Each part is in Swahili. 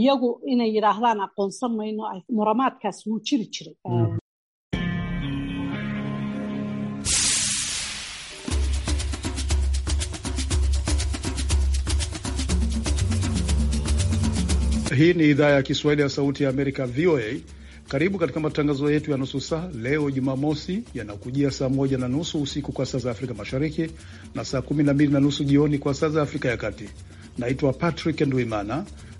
iyagu inay yidhaahdaan aqoonsan mayno muramaadkaas wuu jiri jiray mm. Hii ni idhaa ya Kiswahili ya Sauti ya Amerika, VOA. Karibu katika matangazo yetu ya nusu saa leo Jumamosi, yanakujia saa moja na nusu usiku kwa saa za Afrika Mashariki na saa kumi na mbili na nusu jioni kwa saa za Afrika ya Kati. Naitwa Patrick Ndwimana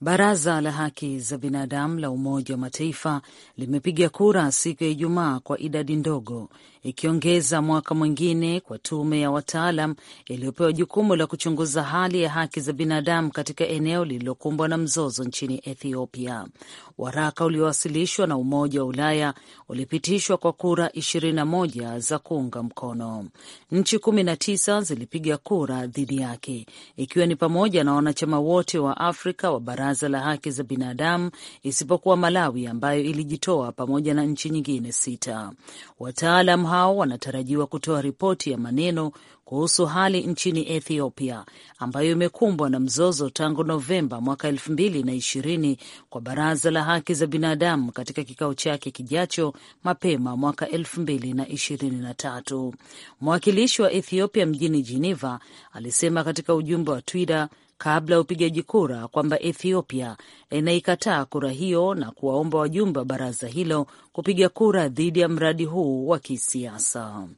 Baraza la Haki za Binadamu la Umoja wa Mataifa limepiga kura siku ya Ijumaa kwa idadi ndogo, ikiongeza mwaka mwingine kwa tume ya wataalam iliyopewa jukumu la kuchunguza hali ya haki za binadamu katika eneo lililokumbwa na mzozo nchini Ethiopia. Waraka uliowasilishwa na Umoja wa Ulaya ulipitishwa kwa kura 21 za kuunga mkono. Nchi 19 zilipiga kura dhidi yake, ikiwa ni pamoja na wanachama wote wa Afrika wa bara Baraza la Haki za Binadamu isipokuwa Malawi ambayo ilijitoa pamoja na nchi nyingine sita. Wataalam hao wanatarajiwa kutoa ripoti ya maneno kuhusu hali nchini Ethiopia ambayo imekumbwa na mzozo tangu Novemba mwaka elfu mbili na ishirini kwa Baraza la Haki za Binadamu katika kikao chake kijacho mapema mwaka elfu mbili na ishirini na tatu. Mwakilishi wa Ethiopia mjini Geneva alisema katika ujumbe wa Twitter kabla ya upigaji kura kwamba Ethiopia inaikataa kura hiyo na kuwaomba wajumbe wa baraza hilo kupiga kura dhidi ya mradi huu wa kisiasa.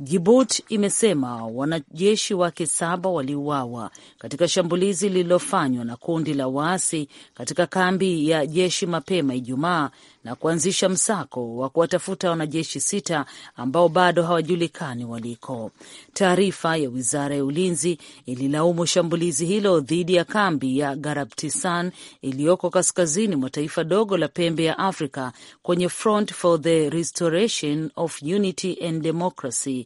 Djibouti imesema wanajeshi wake saba waliuawa katika shambulizi lililofanywa na kundi la waasi katika kambi ya jeshi mapema Ijumaa na kuanzisha msako wa kuwatafuta wanajeshi sita ambao bado hawajulikani waliko. Taarifa ya wizara ya ulinzi ililaumu shambulizi hilo dhidi ya kambi ya Garabtisan iliyoko kaskazini mwa taifa dogo la pembe ya Afrika kwenye Front for the Restoration of Unity and Democracy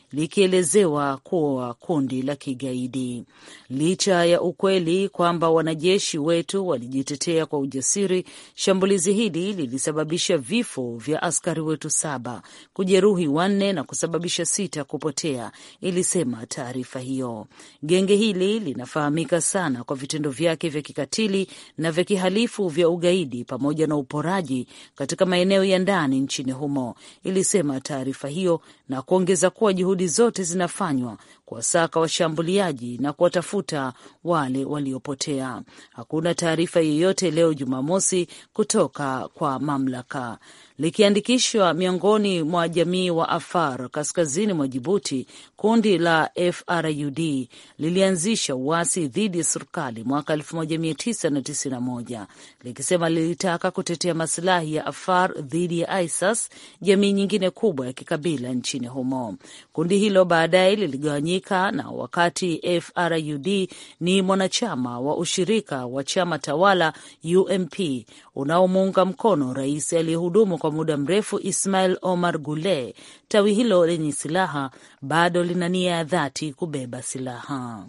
likielezewa kuwa kundi la kigaidi. Licha ya ukweli kwamba wanajeshi wetu walijitetea kwa ujasiri, shambulizi hili lilisababisha vifo vya askari wetu saba, kujeruhi wanne na kusababisha sita kupotea, ilisema taarifa hiyo. Genge hili linafahamika sana kwa vitendo vyake vya kikatili na vya kihalifu vya ugaidi pamoja na uporaji katika maeneo ya ndani nchini humo, ilisema taarifa hiyo na kuongeza kuwa juhudi juhudi zote zinafanywa kuwasaka washambuliaji na kuwatafuta wale waliopotea. Hakuna taarifa yoyote leo Jumamosi kutoka kwa mamlaka. Likiandikishwa miongoni mwa jamii wa Afar kaskazini mwa Jibuti, kundi la FRUD lilianzisha uasi dhidi ya serikali mwaka 1991 likisema lilitaka kutetea masilahi ya Afar dhidi ya ISIS, jamii nyingine kubwa ya kikabila nchini humo. Kundi hilo baadaye liligawanyika Afrika na wakati FRUD ni mwanachama wa ushirika wa chama tawala UMP unaomuunga mkono rais aliyehudumu kwa muda mrefu Ismail Omar gule tawi hilo lenye silaha bado lina nia ya dhati kubeba silaha.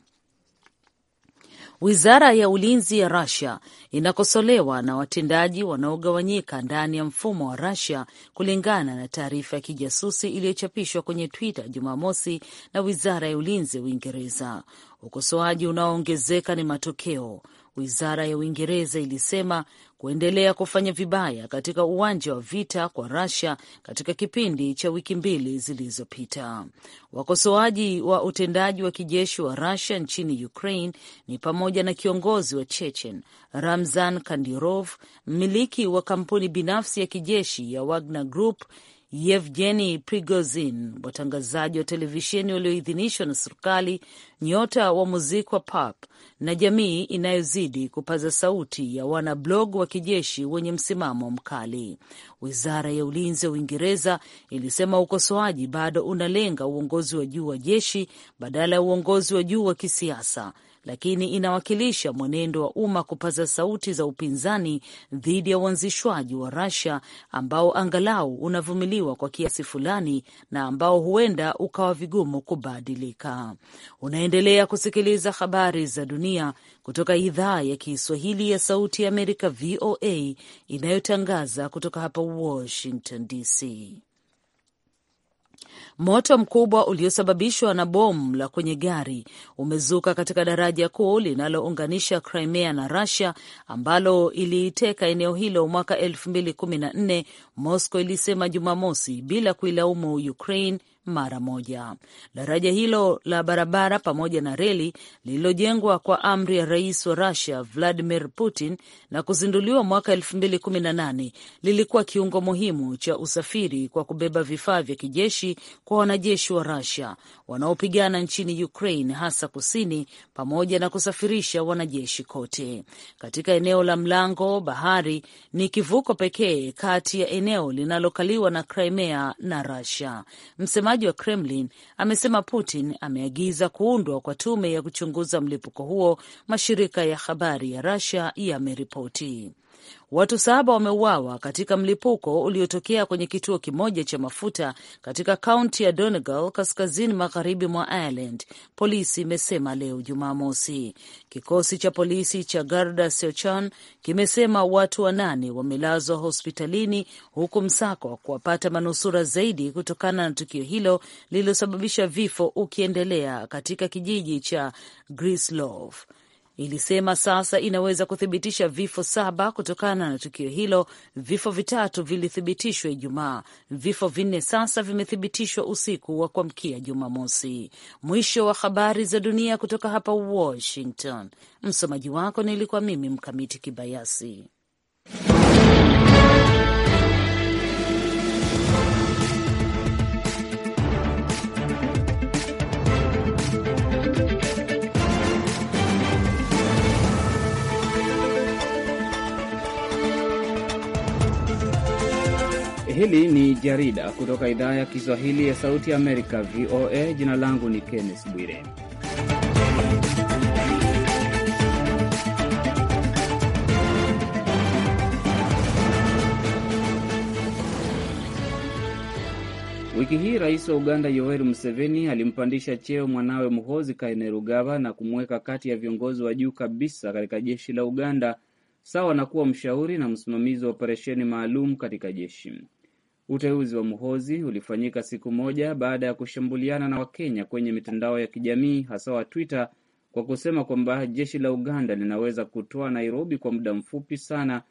Wizara ya ulinzi ya rasia inakosolewa na watendaji wanaogawanyika ndani ya mfumo wa rasia kulingana na taarifa ya kijasusi iliyochapishwa kwenye Twitter Jumamosi na wizara ya ulinzi ya Uingereza. Ukosoaji unaoongezeka ni matokeo, wizara ya Uingereza ilisema, kuendelea kufanya vibaya katika uwanja wa vita kwa Russia katika kipindi cha wiki mbili zilizopita. Wakosoaji wa utendaji wa kijeshi wa Russia nchini Ukraine ni pamoja na kiongozi wa Chechen Ramzan kandirov mmiliki wa kampuni binafsi ya kijeshi ya Wagner Group Yevgeni Prigozin, watangazaji wa televisheni walioidhinishwa na serikali, nyota wa muziki wa pop na jamii inayozidi kupaza sauti ya wanablog wa kijeshi wenye msimamo mkali. Wizara ya ulinzi ya Uingereza ilisema ukosoaji bado unalenga uongozi wa juu wa jeshi badala ya uongozi wa juu wa kisiasa lakini inawakilisha mwenendo wa umma kupaza sauti za upinzani dhidi ya uanzishwaji wa Russia ambao angalau unavumiliwa kwa kiasi fulani na ambao huenda ukawa vigumu kubadilika. Unaendelea kusikiliza habari za dunia kutoka idhaa ya Kiswahili ya Sauti ya Amerika, VOA, inayotangaza kutoka hapa Washington DC. Moto mkubwa uliosababishwa na bomu la kwenye gari umezuka katika daraja kuu linalounganisha Crimea na Russia ambalo iliiteka eneo hilo mwaka 2014, Moscow ilisema Jumamosi bila kuilaumu Ukraine mara moja. Daraja hilo la barabara pamoja na reli lililojengwa kwa amri ya rais wa Rusia Vladimir Putin na kuzinduliwa mwaka 2018 lilikuwa kiungo muhimu cha usafiri kwa kubeba vifaa vya kijeshi kwa wanajeshi wa Rusia wanaopigana nchini Ukraine, hasa kusini, pamoja na kusafirisha wanajeshi kote katika eneo la mlango bahari. Ni kivuko pekee kati ya eneo linalokaliwa na Crimea na Rusia msemaji wa Kremlin amesema Putin ameagiza kuundwa kwa tume ya kuchunguza mlipuko huo, mashirika ya habari ya Russia yameripoti. Watu saba wameuawa katika mlipuko uliotokea kwenye kituo kimoja cha mafuta katika kaunti ya Donegal, kaskazini magharibi mwa Ireland, polisi imesema leo Jumamosi. Kikosi cha polisi cha Garda Síochána kimesema watu wanane wamelazwa hospitalini, huku msako wa kuwapata manusura zaidi kutokana na tukio hilo lililosababisha vifo ukiendelea katika kijiji cha Grislove ilisema sasa inaweza kuthibitisha vifo saba kutokana na tukio hilo. Vifo vitatu vilithibitishwa Ijumaa, vifo vinne sasa vimethibitishwa usiku wa kuamkia Jumamosi. Mwisho wa habari za dunia kutoka hapa Washington. Msomaji wako nilikuwa mimi Mkamiti Kibayasi. Hili ni jarida kutoka idhaa ya Kiswahili ya Sauti ya Amerika, VOA. Jina langu ni Kenneth Bwire. Wiki hii rais wa Uganda Yoweri Museveni alimpandisha cheo mwanawe mhozi Kainerugaba na kumweka kati ya viongozi wa juu kabisa katika jeshi la Uganda, sawa na kuwa mshauri na msimamizi wa operesheni maalum katika jeshi. Uteuzi wa Muhozi ulifanyika siku moja baada ya kushambuliana na Wakenya kwenye mitandao ya kijamii hasa wa Twitter kwa kusema kwamba jeshi la Uganda linaweza kutoa Nairobi kwa muda mfupi sana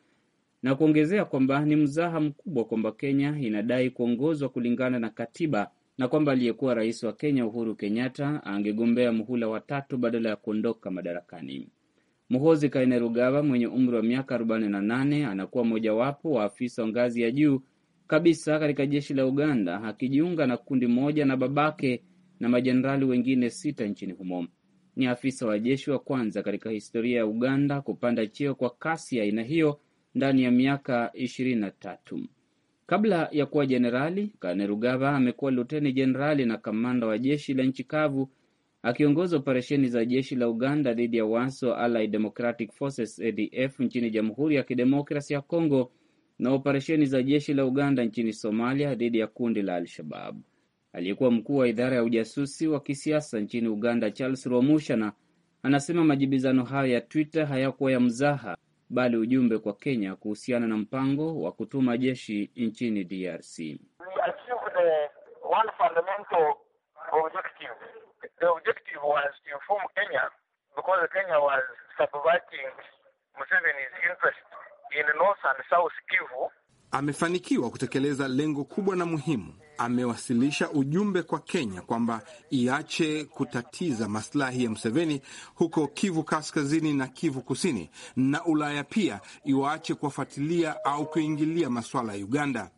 na kuongezea kwamba ni mzaha mkubwa kwamba Kenya inadai kuongozwa kulingana na katiba na kwamba aliyekuwa rais wa Kenya Uhuru Kenyatta angegombea muhula wa tatu badala ya kuondoka madarakani. Muhozi Kainerugaba mwenye umri wa miaka 48 anakuwa mojawapo wa afisa wa ngazi ya juu kabisa katika jeshi la Uganda, akijiunga na kundi moja na babake na majenerali wengine sita nchini humo. Ni afisa wa jeshi wa kwanza katika historia ya Uganda kupanda cheo kwa kasi ya aina hiyo ndani ya miaka ishirini na tatu. Kabla ya kuwa jenerali, kanerugava amekuwa luteni jenerali na kamanda wa jeshi la nchi kavu, akiongoza operesheni za jeshi la Uganda dhidi ya waso Allied Democratic Forces ADF nchini Jamhuri ya Kidemokrasi ya congo na operesheni za jeshi la Uganda nchini Somalia dhidi ya kundi la Al-Shabab. Aliyekuwa mkuu wa idara ya ujasusi wa kisiasa nchini Uganda, Charles romushana anasema majibizano hayo ya Twitter hayakuwa ya mzaha, bali ujumbe kwa Kenya kuhusiana na mpango wa kutuma jeshi nchini DRC. The in North South Kivu. Amefanikiwa kutekeleza lengo kubwa na muhimu. Amewasilisha ujumbe kwa Kenya kwamba iache kutatiza maslahi ya Museveni huko Kivu kaskazini na Kivu kusini, na Ulaya pia iwaache kuwafuatilia au kuingilia masuala ya Uganda.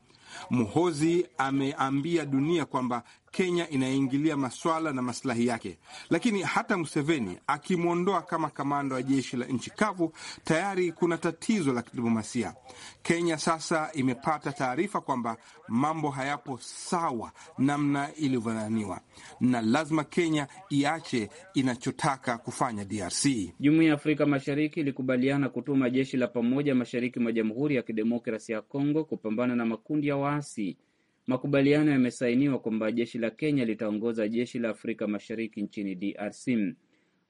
Muhozi ameambia dunia kwamba Kenya inaingilia maswala na masilahi yake, lakini hata Museveni akimwondoa kama kamanda wa jeshi la nchi kavu, tayari kuna tatizo la kidiplomasia. Kenya sasa imepata taarifa kwamba mambo hayapo sawa namna ilivyodhaniwa, na lazima Kenya iache inachotaka kufanya DRC. Jumuiya ya Afrika Mashariki ilikubaliana kutuma jeshi la pamoja mashariki mwa Jamhuri ya Kidemokrasia ya Kongo kupambana na makundi ya waasi. Makubaliano yamesainiwa kwamba jeshi la Kenya litaongoza jeshi la Afrika Mashariki nchini DRC.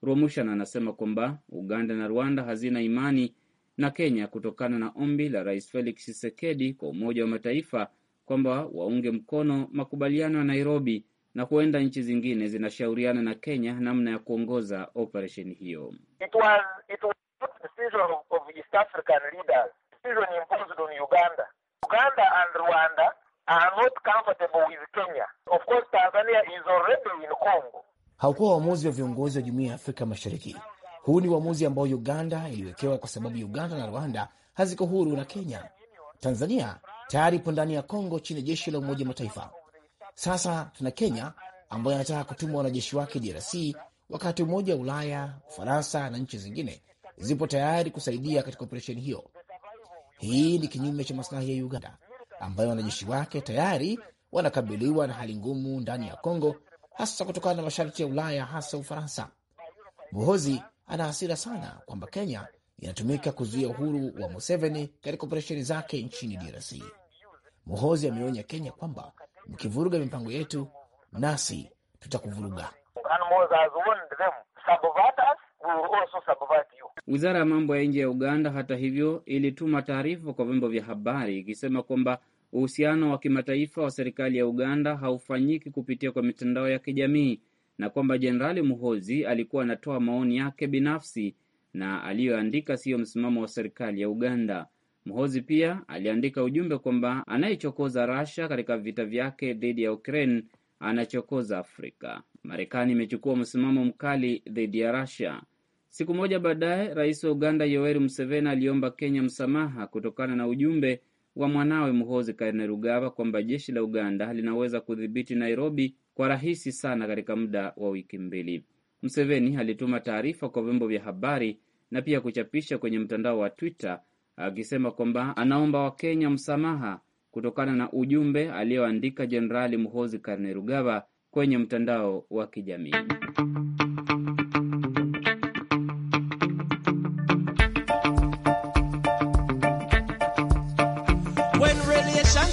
Romushan anasema kwamba Uganda na Rwanda hazina imani na Kenya kutokana na ombi la Rais Felix Tshisekedi kwa Umoja wa Mataifa kwamba waunge mkono makubaliano ya Nairobi, na huenda nchi zingine zinashauriana na Kenya namna ya kuongoza operesheni hiyo. It was, it was Uganda. Uganda and Rwanda are not comfortable with Kenya. Of course, Tanzania is already in Congo. Haukuwa uamuzi wa viongozi wa jumuiya ya Afrika Mashariki. Huu ni uamuzi ambao Uganda iliwekewa kwa sababu Uganda na Rwanda haziko huru na Kenya. Tanzania tayari ipo ndani ya Kongo chini ya jeshi la Umoja Mataifa. Sasa tuna Kenya ambayo anataka kutuma wanajeshi wake DRC, wakati Umoja wa Ulaya, Ufaransa na nchi zingine zipo tayari kusaidia katika operesheni hiyo. Hii ni kinyume cha maslahi ya Uganda ambayo wanajeshi wake tayari wanakabiliwa na hali ngumu ndani ya Kongo, hasa kutokana na masharti ya Ulaya, hasa Ufaransa. Muhozi ana hasira sana kwamba Kenya inatumika kuzuia uhuru wa Museveni katika operesheni zake nchini DRC. Muhozi ameonya Kenya kwamba mkivuruga mipango yetu, nasi tutakuvuruga. Wizara ya mambo ya nje ya Uganda, hata hivyo, ilituma taarifa kwa vyombo vya habari ikisema kwamba uhusiano wa kimataifa wa serikali ya Uganda haufanyiki kupitia kwa mitandao ya kijamii na kwamba Jenerali Muhozi alikuwa anatoa maoni yake binafsi na aliyoandika siyo msimamo wa serikali ya Uganda. Mhozi pia aliandika ujumbe kwamba anayechokoza Russia katika vita vyake dhidi ya Ukraine anachokoza Afrika. Marekani imechukua msimamo mkali dhidi ya Russia. Siku moja baadaye, rais wa Uganda Yoweri Museveni aliomba Kenya msamaha kutokana na ujumbe wa mwanawe karne Kainerugaba kwamba jeshi la Uganda linaweza kudhibiti Nairobi kwa rahisi sana katika muda wa wiki mbili. mseveni alituma taarifa kwa vyombo vya habari na pia kuchapisha kwenye mtandao wa Twitter akisema kwamba anaomba Wakenya msamaha kutokana na ujumbe aliyoandika Jenerali karne Kainerugaba kwenye mtandao wa kijamii.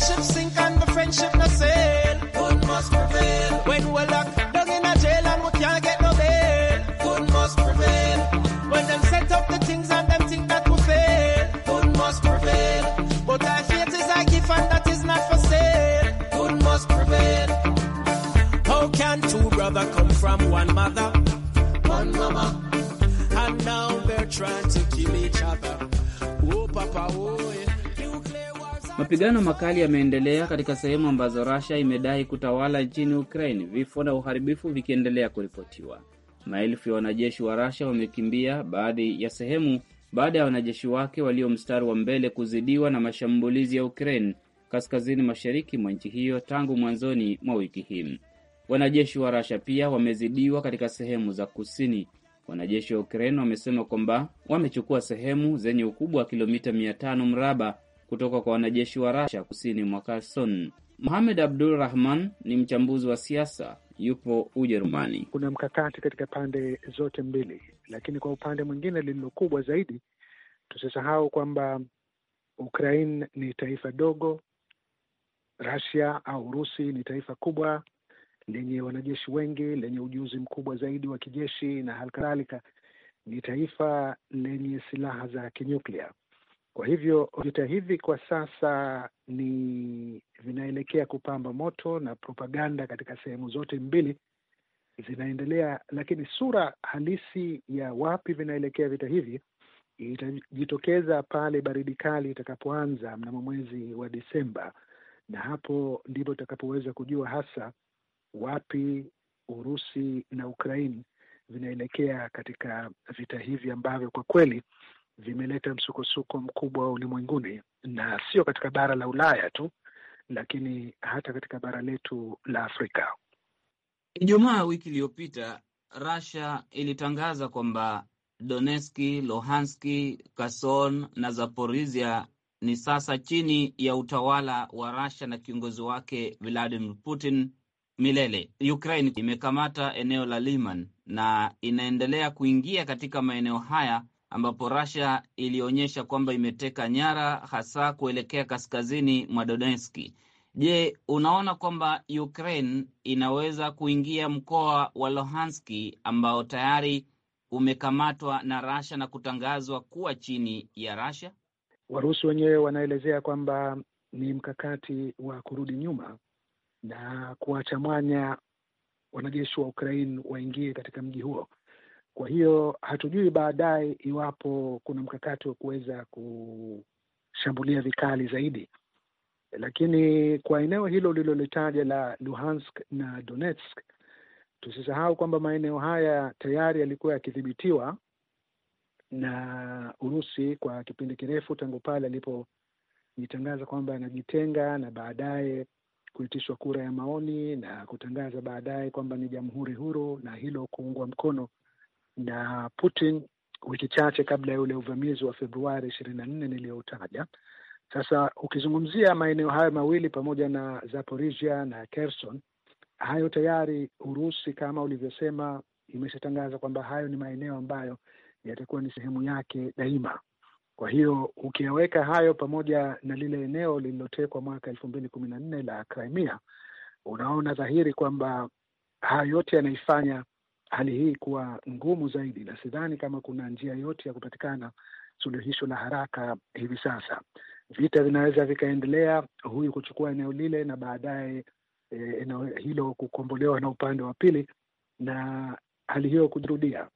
friendship sink Mapigano makali yameendelea katika sehemu ambazo Russia imedai kutawala nchini Ukraine, vifo na uharibifu vikiendelea kuripotiwa. Maelfu ya wanajeshi wa Russia wamekimbia baadhi ya sehemu baada ya wanajeshi wake walio mstari wa mbele kuzidiwa na mashambulizi ya Ukraine kaskazini mashariki mwa nchi hiyo tangu mwanzoni mwa wiki hii. Wanajeshi wa Rasha pia wamezidiwa katika sehemu za kusini. Wanajeshi wa Ukraine wamesema kwamba wamechukua sehemu zenye ukubwa wa kilomita mia tano mraba kutoka kwa wanajeshi wa Rasha kusini mwa Kherson. Mohamed Abdul Rahman ni mchambuzi wa siasa, yupo Ujerumani. Kuna mkakati katika pande zote mbili, lakini kwa upande mwingine lililokubwa zaidi, tusisahau kwamba Ukraine ni taifa dogo, Rasia au Urusi ni taifa kubwa lenye wanajeshi wengi, lenye ujuzi mkubwa zaidi wa kijeshi, na halikadhalika ni taifa lenye silaha za kinyuklia. Kwa hivyo vita hivi kwa sasa ni vinaelekea kupamba moto na propaganda katika sehemu zote mbili zinaendelea, lakini sura halisi ya wapi vinaelekea vita hivi itajitokeza pale baridi kali itakapoanza mnamo mwezi wa disemba na hapo ndipo itakapoweza kujua hasa wapi Urusi na Ukraini vinaelekea katika vita hivi ambavyo kwa kweli vimeleta msukosuko mkubwa ulimwenguni, na sio katika bara la Ulaya tu, lakini hata katika bara letu la Afrika. Ijumaa wiki iliyopita Russia ilitangaza kwamba doneski lohanski kason na Zaporizhia ni sasa chini ya utawala wa Russia na kiongozi wake Vladimir Putin milele. Ukraine imekamata eneo la Liman na inaendelea kuingia katika maeneo haya ambapo Russia ilionyesha kwamba imeteka nyara hasa kuelekea kaskazini mwa Donetski. Je, unaona kwamba Ukraine inaweza kuingia mkoa wa Luhanski ambao tayari umekamatwa na Russia na kutangazwa kuwa chini ya Russia? Warusi wenyewe wanaelezea kwamba ni mkakati wa kurudi nyuma na kuwachamwanya mwanya wanajeshi wa Ukraine waingie katika mji huo. Kwa hiyo hatujui baadaye iwapo kuna mkakati wa kuweza kushambulia vikali zaidi, lakini kwa eneo hilo lilolitaja la Luhansk na Donetsk, tusisahau kwamba maeneo haya tayari yalikuwa yakidhibitiwa na Urusi kwa kipindi kirefu tangu pale alipojitangaza kwamba anajitenga na baadaye kuitishwa kura ya maoni na kutangaza baadaye kwamba ni jamhuri huru na hilo kuungwa mkono na Putin wiki chache kabla ya ule uvamizi wa Februari ishirini na nne niliyoutaja. Sasa ukizungumzia maeneo hayo mawili pamoja na Zaporisia na Kherson, hayo tayari Urusi kama ulivyosema imeshatangaza kwamba hayo ni maeneo ambayo yatakuwa ni sehemu yake daima. Kwa hiyo ukiyaweka hayo pamoja na lile eneo lililotekwa mwaka elfu mbili kumi na nne la Crimea, unaona dhahiri kwamba hayo yote yanaifanya hali hii kuwa ngumu zaidi, na sidhani kama kuna njia yote ya kupatikana suluhisho la haraka hivi sasa. Vita vinaweza vikaendelea, huyu kuchukua eneo lile na baadaye e, eneo hilo kukombolewa na upande wa pili, na hali hiyo kujirudia.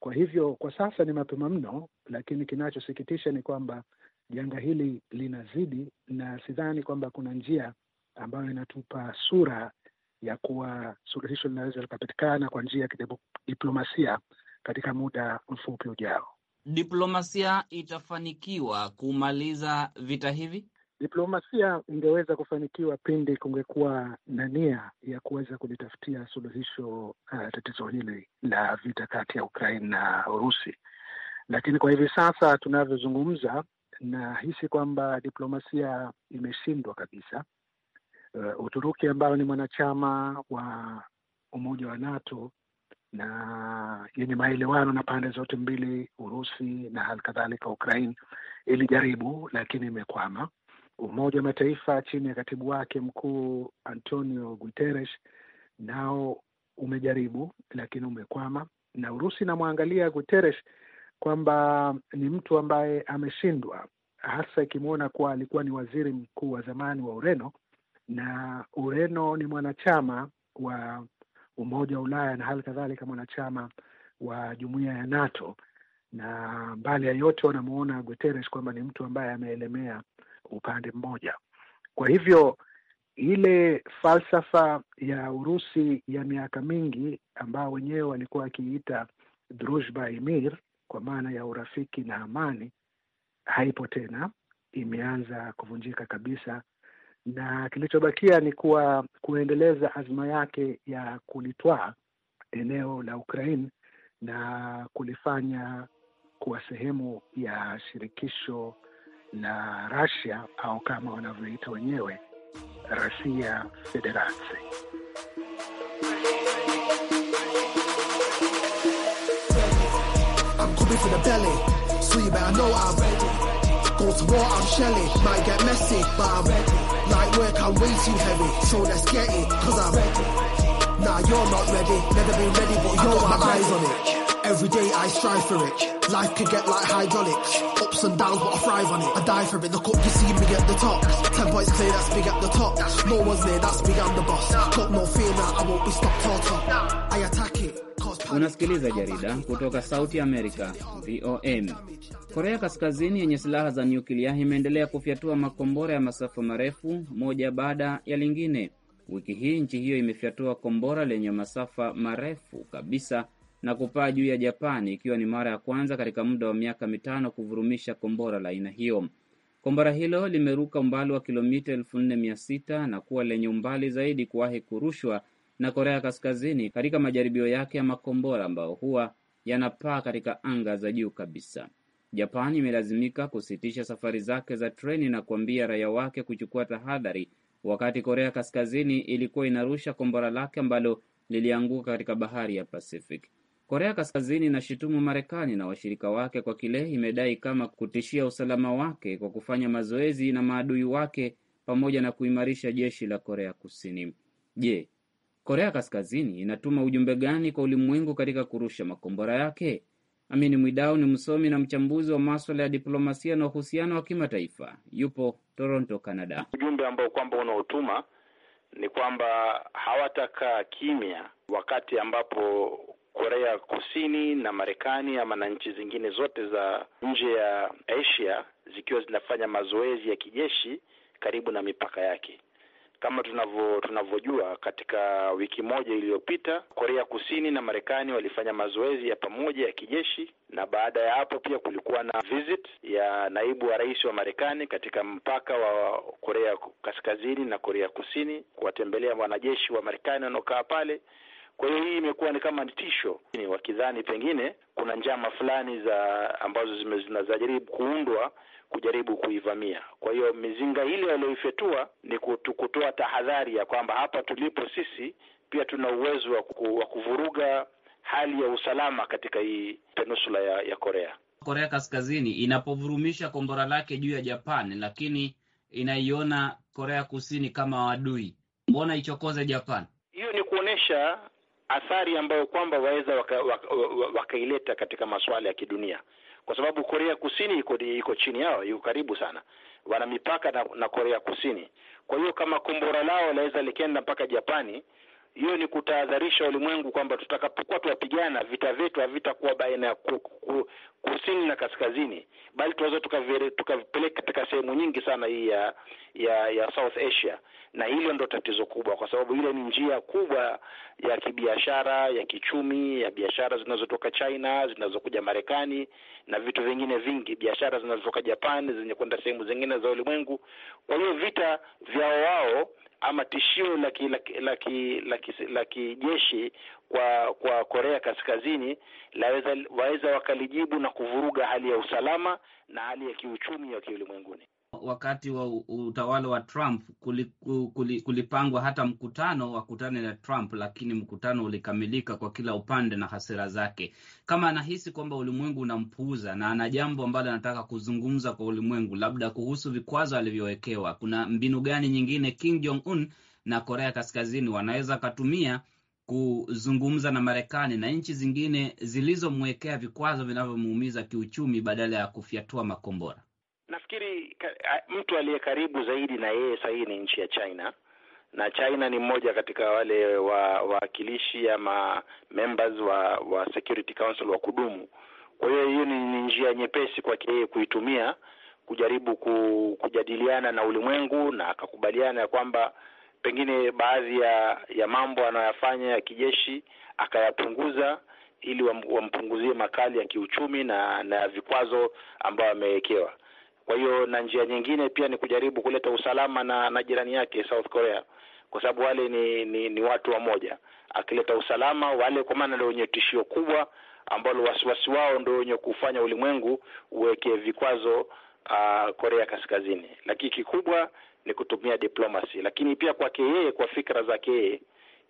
Kwa hivyo kwa sasa ni mapema mno, lakini kinachosikitisha ni kwamba janga hili linazidi, na sidhani kwamba kuna njia ambayo inatupa sura ya kuwa suluhisho linaweza likapatikana kwa njia ya kidiplomasia katika muda mfupi ujao. Diplomasia itafanikiwa kumaliza vita hivi? Diplomasia ingeweza kufanikiwa pindi kungekuwa na nia ya kuweza kulitafutia suluhisho uh, tatizo hili la vita kati ya Ukraine na Urusi, lakini kwa hivi sasa tunavyozungumza, nahisi kwamba diplomasia imeshindwa kabisa, uh, Uturuki ambayo ni mwanachama wa Umoja wa NATO na yenye maelewano na pande zote mbili, Urusi na hali kadhalika Ukraine, ilijaribu lakini imekwama. Umoja wa Mataifa chini ya katibu wake mkuu Antonio Guterres nao umejaribu lakini umekwama. Na Urusi inamwangalia Guterres kwamba ni mtu ambaye ameshindwa, hasa ikimwona kuwa alikuwa ni waziri mkuu wa zamani wa Ureno na Ureno ni mwanachama wa Umoja wa Ulaya na hali kadhalika mwanachama wa jumuiya ya NATO, na mbali ya yote wanamuona Guterres kwamba ni mtu ambaye ameelemea upande mmoja. Kwa hivyo ile falsafa ya Urusi ya miaka mingi ambao wenyewe walikuwa wakiita drujba imir, kwa maana ya urafiki na amani, haipo tena, imeanza kuvunjika kabisa na kilichobakia ni kuwa kuendeleza azma yake ya kulitwaa eneo la Ukraine na kulifanya kuwa sehemu ya shirikisho la Russia au kama wanavyoita wenyewe Russia Federation. go to war, I'm shelling. Might get messy, but I'm ready. Light work, I'm way too heavy. So let's get it, cause I'm ready. Nah, you're not ready. Never been ready, but I you're my eyes on it. Every day I strive for it. Life could get like hydraulics. Ups and downs, but I thrive on it. I die for it. Look up, you see me at the top. Ten points clear, that's big at the top. No one's near, that's big, I'm the boss. Got no fear now, I won't be stopped or top. I attack it. Unasikiliza jarida kutoka Sauti Amerika, VOM. Korea Kaskazini yenye silaha za nyuklia imeendelea kufyatua makombora ya masafa marefu moja baada ya lingine. Wiki hii nchi hiyo imefyatua kombora lenye masafa marefu kabisa na kupaa juu ya Japani, ikiwa ni mara ya kwanza katika muda wa miaka mitano kuvurumisha kombora la aina hiyo. Kombora hilo limeruka umbali wa kilomita 46 na kuwa lenye umbali zaidi kuwahi kurushwa na Korea Kaskazini katika majaribio yake ya makombora ambayo huwa yanapaa katika anga za juu kabisa. Japan imelazimika kusitisha safari zake za treni na kuambia raia wake kuchukua tahadhari, wakati Korea Kaskazini ilikuwa inarusha kombora lake ambalo lilianguka katika bahari ya Pacific. Korea Kaskazini inashutumu Marekani na washirika wake kwa kile imedai kama kutishia usalama wake kwa kufanya mazoezi na maadui wake pamoja na kuimarisha jeshi la Korea Kusini. Je, Korea Kaskazini inatuma ujumbe gani kwa ulimwengu katika kurusha makombora yake? Amini Mwidau ni msomi na mchambuzi wa maswala ya diplomasia na uhusiano wa kimataifa, yupo Toronto, Canada. Ujumbe ambao kwamba unaotuma ni kwamba hawatakaa kimya wakati ambapo Korea Kusini na Marekani ama na nchi zingine zote za nje ya Asia zikiwa zinafanya mazoezi ya kijeshi karibu na mipaka yake. Kama tunavyo tunavyojua, katika wiki moja iliyopita Korea Kusini na Marekani walifanya mazoezi ya pamoja ya kijeshi, na baada ya hapo pia kulikuwa na visit ya naibu wa rais wa Marekani katika mpaka wa Korea Kaskazini na Korea Kusini kuwatembelea wanajeshi wa Marekani wanaokaa pale. Kwa hiyo hii imekuwa ni kama tisho, wakidhani pengine kuna njama fulani za ambazo zimejaribu kuundwa kujaribu kuivamia. Kwa hiyo mizinga ile walioifyatua ni kutoa tahadhari ya kwamba hapa tulipo sisi pia tuna uwezo wa kuvuruga hali ya usalama katika hii penusula ya, ya Korea. Korea Kaskazini inapovurumisha kombora lake juu ya Japan, lakini inaiona Korea Kusini kama wadui, mbona ichokoze Japan? Hiyo ni kuonyesha athari ambayo kwamba waweza wakaileta waka, waka katika masuala ya kidunia kwa sababu Korea Kusini iko iko chini yao, iko karibu sana, wana mipaka na, na Korea Kusini. Kwa hiyo kama kombora lao laweza likaenda mpaka Japani, hiyo ni kutahadharisha ulimwengu kwamba tutakapokuwa tuwapigana vita vyetu havitakuwa baina ya kusini na kaskazini, bali tunaweza tukavipeleka katika sehemu nyingi sana hii ya ya ya South Asia, na hilo ndo tatizo kubwa, kwa sababu ile ni njia kubwa ya kibiashara, ya kichumi, ya biashara zinazotoka China zinazokuja Marekani na vitu vingine vingi, biashara zinazotoka Japani zenye kwenda sehemu zingine za ulimwengu. Kwa hiyo vita vyao wao ama tishio la kijeshi kwa kwa Korea Kaskazini laweza waweza wakalijibu na kuvuruga hali ya usalama na hali ya kiuchumi ya kiulimwenguni wakati wa utawala wa Trump kulipangwa hata mkutano wa kutane na Trump, lakini mkutano ulikamilika kwa kila upande na hasira zake. Kama anahisi kwamba ulimwengu unampuuza na ana jambo ambalo anataka kuzungumza kwa ulimwengu, labda kuhusu vikwazo alivyowekewa, kuna mbinu gani nyingine Kim Jong Un na Korea Kaskazini wanaweza akatumia kuzungumza na Marekani na nchi zingine zilizomwekea vikwazo vinavyomuumiza kiuchumi badala ya kufyatua makombora? Nafikiri mtu aliye karibu zaidi na yeye sasa hivi ni nchi ya China na China ni mmoja katika wale wawakilishi ama members wa wa Security Council wa kudumu. Kwa hiyo hiyo ni njia nyepesi kwake yeye kuitumia kujaribu kujadiliana na ulimwengu, na akakubaliana ya kwamba pengine baadhi ya ya mambo anayoyafanya ya kijeshi akayapunguza ili wampunguzie makali ya kiuchumi na na vikwazo ambayo amewekewa. Kwa hiyo na njia nyingine pia ni kujaribu kuleta usalama na, na jirani yake South Korea kwa sababu wale ni, ni ni watu wamoja. Akileta usalama wale, kwa maana ndio wenye tishio kubwa ambalo wasiwasi wao ndio wenye kufanya ulimwengu uweke vikwazo uh, Korea Kaskazini, lakini kikubwa ni kutumia diplomasi, lakini pia kwake yeye, kwa fikra zake yeye,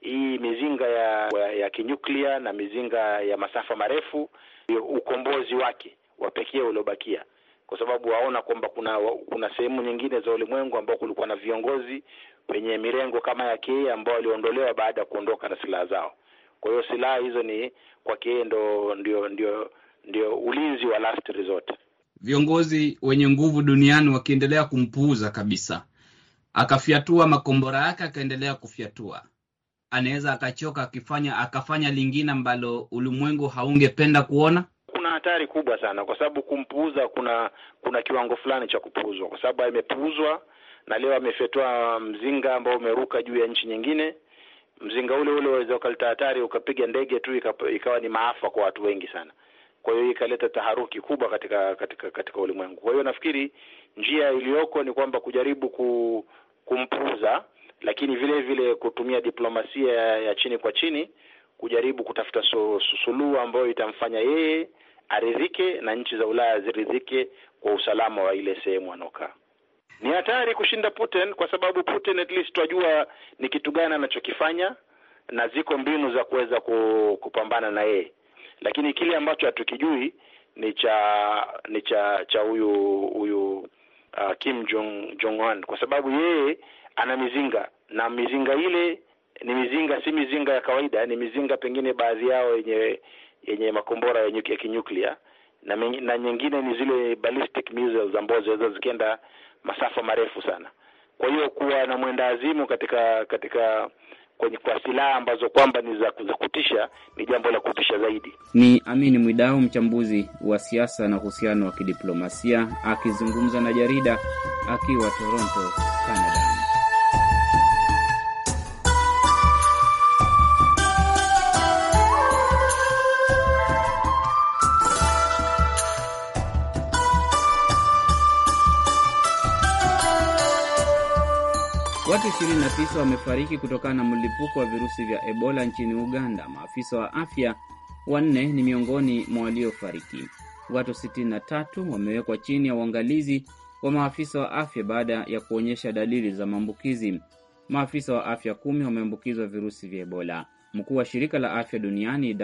hii mizinga ya ya kinyuklia na mizinga ya masafa marefu ukombozi wake wa pekee uliobakia kwa sababu waona kwamba kuna kuna sehemu nyingine za ulimwengu ambao kulikuwa na viongozi wenye mirengo kama ya yeye ambao waliondolewa baada ya kuondoka na silaha zao. Kwa hiyo silaha hizo ni kwa yeye ndo ndio ndio ndio ulinzi wa last resort. Viongozi wenye nguvu duniani wakiendelea kumpuuza kabisa, akafyatua makombora yake, akaendelea kufyatua, anaweza akachoka, akifanya akafanya lingine ambalo ulimwengu haungependa kuona hatari kubwa sana, kwa sababu kumpuuza, kuna kuna kiwango fulani cha kupuuzwa, kwa sababu amepuuzwa na leo amefetwa mzinga ambao umeruka juu ya nchi nyingine. Mzinga ule ule waweza ukaleta hatari, ukapiga ndege tu ikawa ni maafa kwa watu wengi sana. Kwa hiyo ikaleta taharuki kubwa katika katika katika ulimwengu. Kwa hiyo nafikiri njia iliyoko ni kwamba kujaribu ku, kumpuuza, lakini vile vile kutumia diplomasia ya chini kwa chini kujaribu kutafuta suluhu ambayo itamfanya yeye aridhike na nchi za Ulaya ziridhike kwa usalama wa ile sehemu anaokaa. Ni hatari kushinda Putin kwa sababu Putin at least twajua ni kitu gani anachokifanya na ziko mbinu za kuweza kupambana na yeye, lakini kile ambacho hatukijui ni cha ni cha cha huyu huyu uh, Kim Jong Jong Un kwa sababu yeye ana mizinga na mizinga ile ni mizinga, si mizinga ya kawaida, ni mizinga pengine baadhi yao yenye yenye makombora ya, ya kinyuklia na, na nyingine ni zile ballistic missiles ambazo zinaweza zikienda masafa marefu sana. Kwa hiyo kuwa na mwenda azimu katika katika kwenye kwa silaha ambazo kwamba ni za kutisha ni jambo la kutisha zaidi. Ni Amin Mwidau, mchambuzi wa siasa na uhusiano wa kidiplomasia akizungumza na jarida akiwa Toronto, Canada. Watu 29 wamefariki kutokana na mlipuko wa virusi vya Ebola nchini Uganda. Maafisa wa afya wanne ni miongoni mwa waliofariki. Watu 63 wamewekwa chini ya uangalizi wa maafisa wa afya baada ya kuonyesha dalili za maambukizi. Maafisa wa afya kumi wameambukizwa virusi vya Ebola. Mkuu wa shirika la afya duniani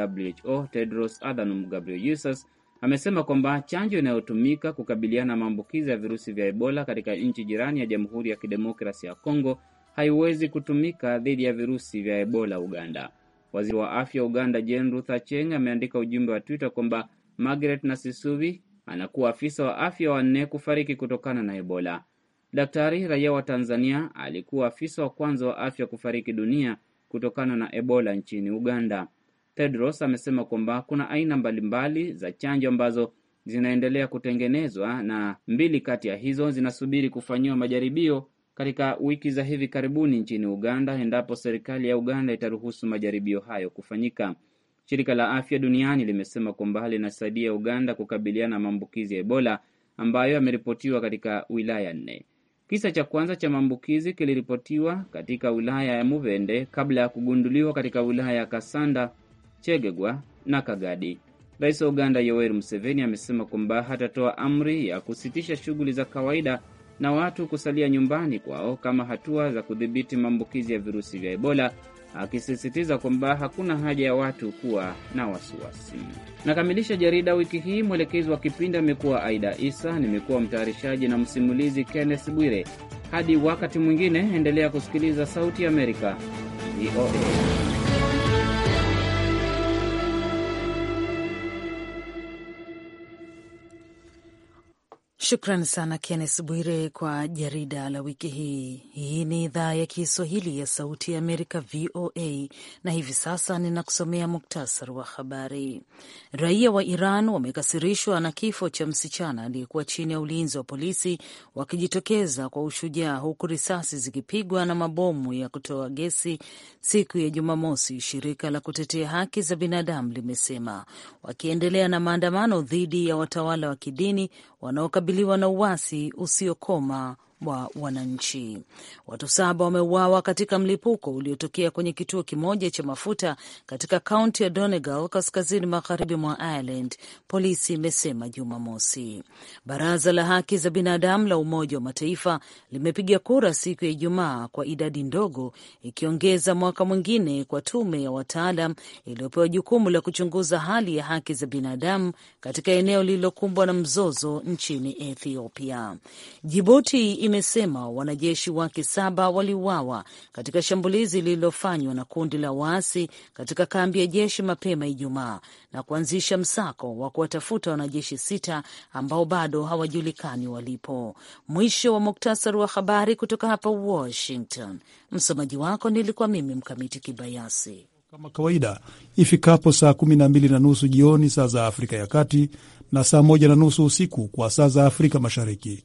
WHO Tedros Adhanom Ghebreyesus amesema kwamba chanjo inayotumika kukabiliana na maambukizi ya virusi vya Ebola katika nchi jirani ya Jamhuri ya Kidemokrasia ya Kongo haiwezi kutumika dhidi ya virusi vya Ebola Uganda. Waziri wa afya Uganda Jane Ruth Aceng ameandika ujumbe wa Twitter kwamba Margaret Nasisubi anakuwa afisa wa afya wanne kufariki kutokana na Ebola. Daktari raia wa Tanzania alikuwa afisa wa kwanza wa afya kufariki dunia kutokana na Ebola nchini Uganda. Tedros amesema kwamba kuna aina mbalimbali za chanjo ambazo zinaendelea kutengenezwa na mbili kati ya hizo zinasubiri kufanyiwa majaribio katika wiki za hivi karibuni nchini Uganda endapo serikali ya Uganda itaruhusu majaribio hayo kufanyika. Shirika la Afya Duniani limesema kwamba linasaidia Uganda kukabiliana na maambukizi ya Ebola ambayo yameripotiwa katika wilaya nne. Kisa cha kwanza cha maambukizi kiliripotiwa katika wilaya ya Mubende kabla ya kugunduliwa katika wilaya ya Kasanda Chegegwa na Kagadi. Rais wa Uganda Yoweri Museveni amesema kwamba hatatoa amri ya kusitisha shughuli za kawaida na watu kusalia nyumbani kwao kama hatua za kudhibiti maambukizi ya virusi vya Ebola, akisisitiza kwamba hakuna haja ya watu kuwa na wasiwasi. Nakamilisha jarida wiki hii. Mwelekezi wa kipindi amekuwa Aida Isa, nimekuwa mtayarishaji na msimulizi Kenneth Bwire. Hadi wakati mwingine, endelea kusikiliza Sauti ya Amerika, VOA. Shukran sana Kennes Bwire kwa jarida la wiki hii. Hii ni idhaa ya Kiswahili ya Sauti ya Amerika, VOA, na hivi sasa ninakusomea muktasari wa habari. Raia wa Iran wamekasirishwa na kifo cha msichana aliyekuwa chini ya ulinzi wa polisi, wakijitokeza kwa ushujaa, huku risasi zikipigwa na mabomu ya kutoa gesi siku ya Jumamosi, shirika la kutetea haki za binadamu limesema, wakiendelea na maandamano dhidi ya watawala wa kidini wanaokabiliwa na uasi usiokoma wa wananchi. Watu saba wameuawa katika mlipuko uliotokea kwenye kituo kimoja cha mafuta katika kaunti ya Donegal, kaskazini magharibi mwa Ireland, polisi imesema Jumamosi. Baraza la haki za binadamu la Umoja wa Mataifa limepiga kura siku ya Ijumaa kwa idadi ndogo, ikiongeza mwaka mwingine kwa tume ya wataalam iliyopewa jukumu la kuchunguza hali ya haki za binadamu katika eneo lililokumbwa na mzozo nchini Ethiopia. Jibuti imesema wanajeshi wake saba waliuawa katika shambulizi lililofanywa na kundi la waasi katika kambi ya jeshi mapema Ijumaa na kuanzisha msako wa kuwatafuta wanajeshi sita ambao bado hawajulikani walipo. Mwisho wa muktasari wa habari kutoka hapa Washington. Msomaji wako nilikuwa mimi Mkamiti Kibayasi. Kama kawaida ifikapo saa kumi na mbili na nusu jioni saa za Afrika ya Kati na saa moja na nusu usiku kwa saa za Afrika Mashariki.